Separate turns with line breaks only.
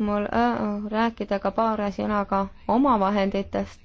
mul äh, rääkida ka paari sõnaga omavahenditest.